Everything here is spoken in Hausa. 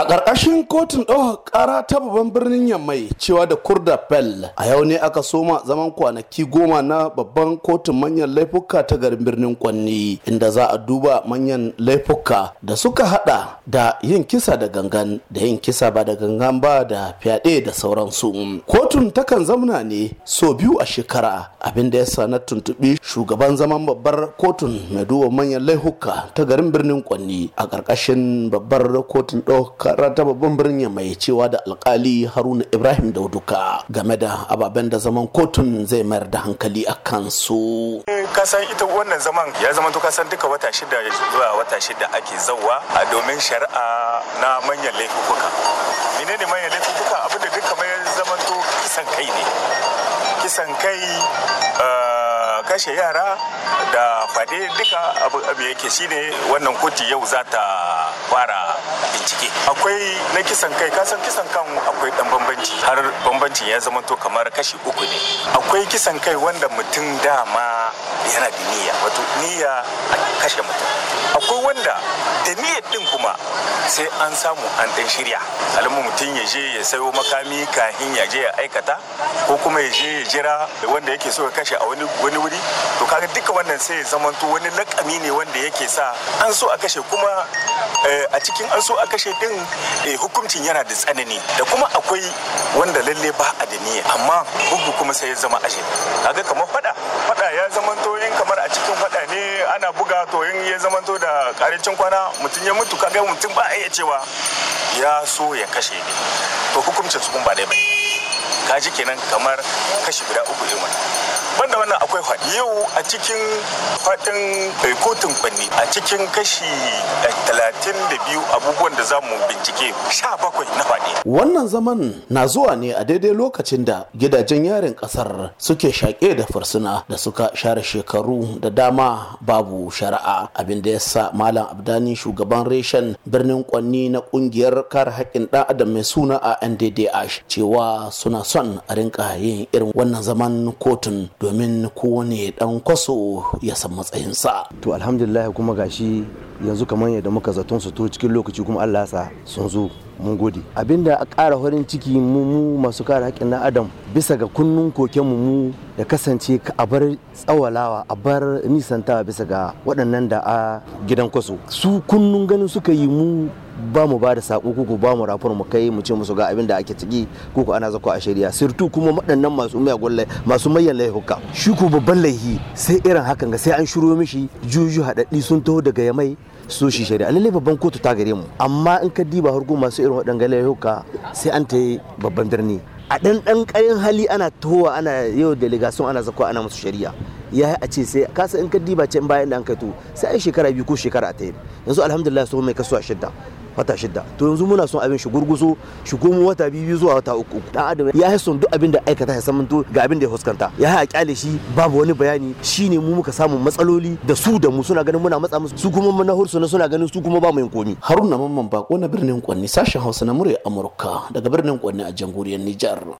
a ƙarƙashin kotun ɗaukar ƙara ta babban birnin yammai cewa da kurda bell a yau ne aka soma zaman kwanaki goma na babban kotun manyan laifuka ta garin birnin kwanni inda za a duba manyan laifuka da suka hada da yin kisa da gangan da yin kisa ba da gangan ba da fyaɗe da sauransu kotun takan zamuna ne so biyu a shekara abin da ya sa na tuntuɓi shugaban zaman babbar kotun mai duba manyan laifuka ta garin birnin kwanni a ƙarƙashin babbar kotun ɗaukar karra ta babban birnin mai cewa da alkali haruna ibrahim dauduka game da ababen da zaman kotun zai mayar da hankali a kansu eh, kasan ita wannan zaman ya zama to kasan duka wata shida zuwa wata shida ake zauwa a domin shari'a na manyan laifuka menene manyan laifuka abinda duka mai zaman to kisan kai ne kisan kai eh, kashe yara da fade duka abu yake shine wannan kotu yau za ta fara bincike akwai na kisan kai Ka san kisan kan akwai dan bambanci har bambancin ya zama to kamar kashi uku ne akwai kisan kai wanda mutum dama yana da niyya wato niyya a kashe mutum akwai wanda da niyyar din kuma sai an samu an ɗan shirya alamu mutum ya je ya sayo makami kahin ya je ya aikata ko kuma ya je ya jira wanda yake so ya kashe a wani wuri to kaga duka wannan sai ya zamanto wani lakami ne wanda yake sa an so a kashe kuma eh, a cikin an so a kashe din eh, hukuncin yana da tsanani da kuma akwai wanda lalle ba a da niyya amma bugu kuma sai ya zama ashe kaga kamar fada faɗa ya zamanto in kamar a cikin faɗa ne ana buga to in ya zamanto da ƙarancin kwana mutum ya mutu kaga mutum ba a iya cewa ya so ya kashe ne to hukuncin su kun ba ɗaya bane kaji kenan kamar kashi guda uku ne mana banda wannan akwai faɗi yau a cikin faɗin eh, kotun kwanni a cikin kashi eh, talatin da biyu abubuwan da zamu bincike sha bakwai na faɗi wannan zaman na zuwa ne a daidai lokacin da gidajen yarin ƙasar suke shaƙe da fursuna da suka share shekaru da dama babu shari'a abin da ya sa malam abdani shugaban reshen birnin kwanni na ƙungiyar kare haƙƙin ɗan adam mai suna a nddh cewa suna son son a rinka yin irin wannan zaman kotun domin kowane dan kwaso ya san matsayinsa to alhamdulillah kuma gashi yanzu kamar yadda muka zaton su to cikin lokaci kuma Allah sa sun zo mun gode abinda a ƙara farin ciki mu mu masu kare haƙƙin na adam bisa ga kunnun koken mu mu ya kasance a bar tsawalawa a bar nisantawa bisa ga waɗannan da a gidan kwaso su kunnun ganin suka yi mu ba mu ba da sako ko ba mu rafar mu kai mu ce musu ga abin da ake ciki ko ana zako a shari'a sirtu kuma waɗannan masu mayan masu mayan laihuka shi ko babban laihi sai irin hakan ga sai an shiro mishi juju haɗaɗɗi sun taho daga yamai su shi shari'a lalle babban kotu ta gare mu amma in ka diba hargo masu irin waɗanga yauka sai an ta yi babban birni a ɗan ɗan hali ana towa ana yau delegation ana zakwa ana musu shari'a ya a ce sai kasa in ka diba can bayan da an kai to sai shekara biyu ko shekara a ta yanzu alhamdulillah su mai kasuwa shidda wata shida to yanzu muna son abin shi gurguzo shigo mu wata biyu zuwa wata uku dan adam ya yi son duk abin da aikata ya samanto ga abin da ya huskanta ya a kyale shi babu wani bayani shine mu muka samu matsaloli da su da mu suna ganin muna matsa musu su kuma mun na hursu suna ganin su kuma ba mu yin komi haruna mamman bako na birnin kwanni sashen hausa na murya amurka daga birnin kwanni a jamhuriyar nijar